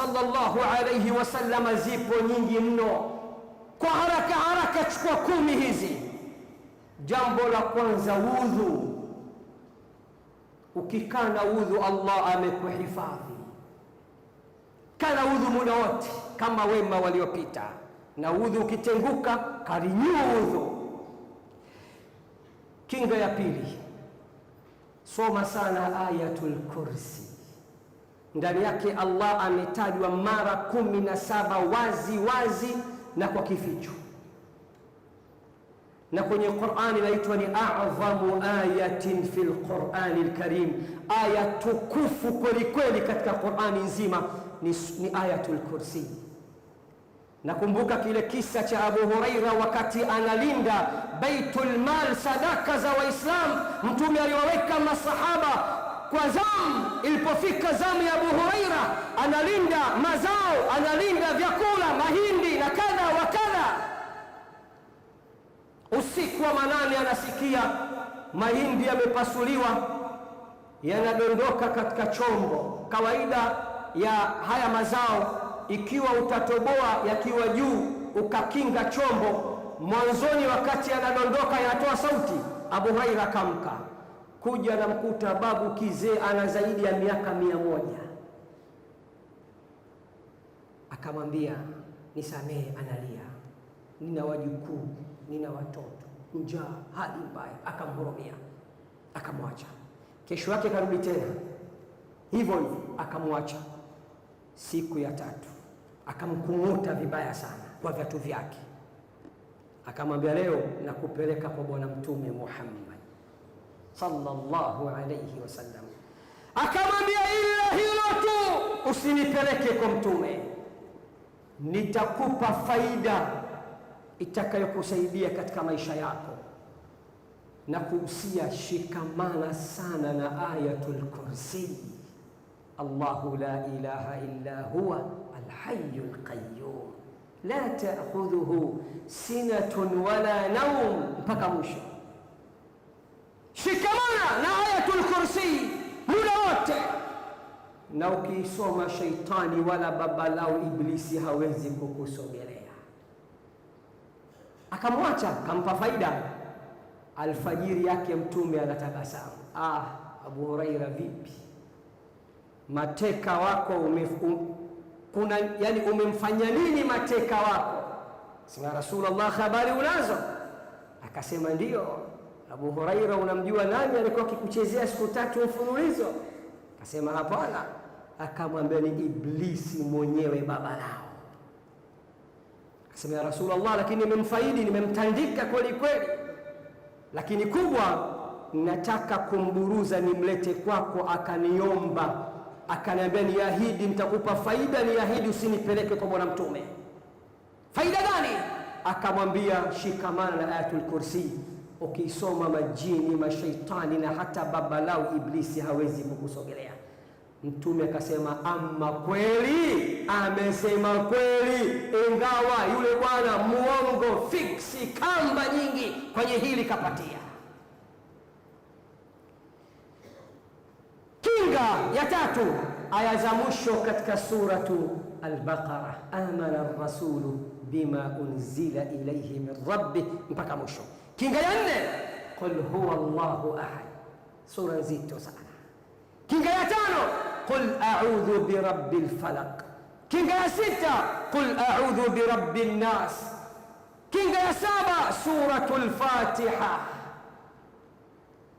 sallallahu alayhi wasallam zipo nyingi mno. Kwa haraka haraka, chukua kumi hizi. Jambo la kwanza, udhu. Ukikaa na udhu, Allah amekuhifadhi. Kana udhu muda wote, kama wema waliopita. Na udhu ukitenguka, karinyu udhu. Kinga ya pili, soma sana Ayatul Kursi ndani yake Allah ametajwa mara kumi na saba wazi wazi na kwa kificho, na kwenye Qur'ani inaitwa ni a'dhamu ayatin fil Qur'ani al-Karim, aya tukufu kweli kweli katika Qur'ani nzima ni, ni ayatul kursi. Nakumbuka kile kisa cha Abu Huraira wakati analinda Baitul Mal, sadaka za waislam Mtume aliwaweka masahaba kwa zamu. Ilipofika zamu ya Abu Huraira, analinda mazao, analinda vyakula, mahindi na kadha wa kadha. Usiku wa manane, anasikia mahindi yamepasuliwa, yanadondoka katika chombo. Kawaida ya haya mazao, ikiwa utatoboa yakiwa juu, ukakinga chombo, mwanzoni, wakati yanadondoka, yanatoa sauti. Abu Huraira akamka kuja na mkuta babu kizee ana zaidi ya miaka mia moja, akamwambia nisamehe, analia, nina wajukuu, nina watoto, njaa, hali mbaya. Akamhurumia, akamwacha. Kesho yake karudi tena hivyo hivyo, akamwacha. Siku ya tatu akamkung'uta vibaya sana kwa viatu vyake, akamwambia leo nakupeleka kwa Bwana Mtume Muhammad sallallahu alayhi wasallam, akamwambia ila hilo tu usinipeleke kwa Mtume, nitakupa faida itakayokusaidia katika maisha yako, na kuhusia shikamana sana na ayatul kursi, Allahu la ilaha illa huwa alhayyul qayyum la ta'khudhuhu sinatun wala naum, mpaka mwisho na Ayatul Kursi muda wote, na ukiisoma shaitani wala baba lao Iblisi hawezi kukusogelea. Akamwacha, kampa faida. Alfajiri yake Mtume anatabasamu, ah, Abu Huraira, vipi mateka wako ume, um, kuna yani umemfanya nini mateka wako? Sina Rasulullah, habari unazo? Akasema ndio Abu Huraira, unamjua nani alikuwa akikuchezea siku tatu mfululizo? Akasema hapana. Akamwambia ni Iblisi mwenyewe baba lao. Akasema ya Rasulullah, lakini nimemfaidi, nimemtandika kweli kweli, lakini kubwa nataka kumburuza nimlete kwako. Akaniomba, akaniambia niahidi, nitakupa faida, niahidi usinipeleke kwa Bwana Mtume. Faida gani? Akamwambia, shikamana na Ayatul Kursi ukisoma majini, mashaitani na hata babalau Iblisi hawezi kukusogelea. Mtume akasema, ama kweli amesema kweli, ingawa yule bwana muongo fiksi, kamba nyingi kwenye hili kapatia. Kinga ya tatu, aya za mwisho katika suratu Al-Baqara, amana rasulu bima unzila ilaihi min rabbi mpaka mwisho. كينغيان قل هو الله احد سوره زيد توسع كينغيان قل اعوذ برب الفلق كينغيان ستة قل اعوذ برب الناس كينغيان سابع سوره الفاتحه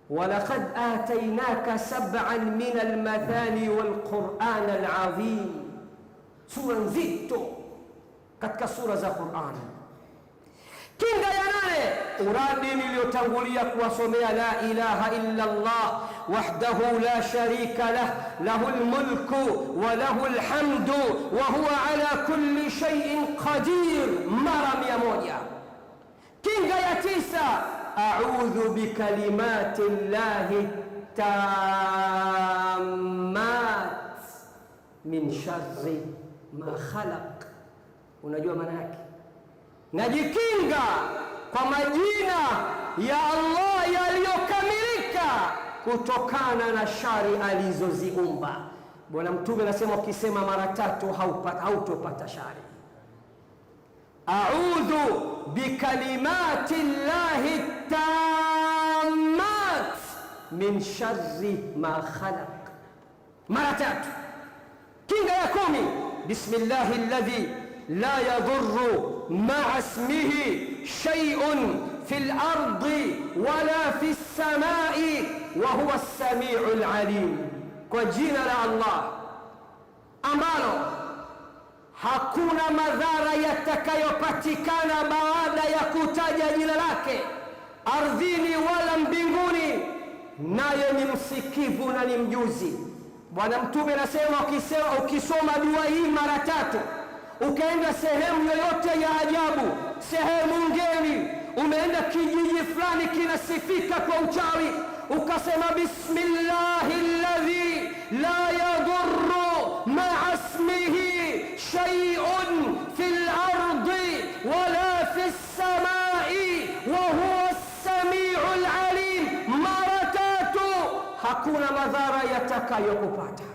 ولقد اتيناك سبعا من المثاني والقران العظيم سوره زيد كتك سوره القران Kinga ya nane, uradi niliyotangulia kuwasomea la ilaha illa Allah wahdahu la sharika lah lahul mulku wa lahul hamdu wa huwa ala kulli shay'in qadir, mara mia moja. Kinga ya tisa, a'udhu bikalimati llahi tammat min sharri ma khalaq. Unajua maana yake najikinga kwa majina ya Allah yaliyokamilika kutokana na shari alizoziumba. Bwana Mtume anasema ukisema mara tatu hautopata shari. Audhu bikalimati llahi tammat min sharri ma khalaq, mara tatu. Kinga ya kumi, bismillahi alladhi la yadhurru maa smihi shaiun fi lardi wala fi lsamai wa huwa as-sami'ul kwa jina la Allah ambalo hakuna madhara yatakayopatikana baada ya kutaja jina lake ardhini wala mbinguni, naye ni msikivu na ni mjuzi. Bwana Mtume anasema ukisoma dua hii mara tatu ukaenda sehemu yoyote ya ajabu, sehemu ngeni, umeenda kijiji fulani kinasifika kwa uchawi, ukasema bismillahi alladhi la yadurru maa ismihi shay'un fil ardi wala fis samai wa huwa as-sami'ul alim, mara tatu, hakuna madhara yatakayokupata.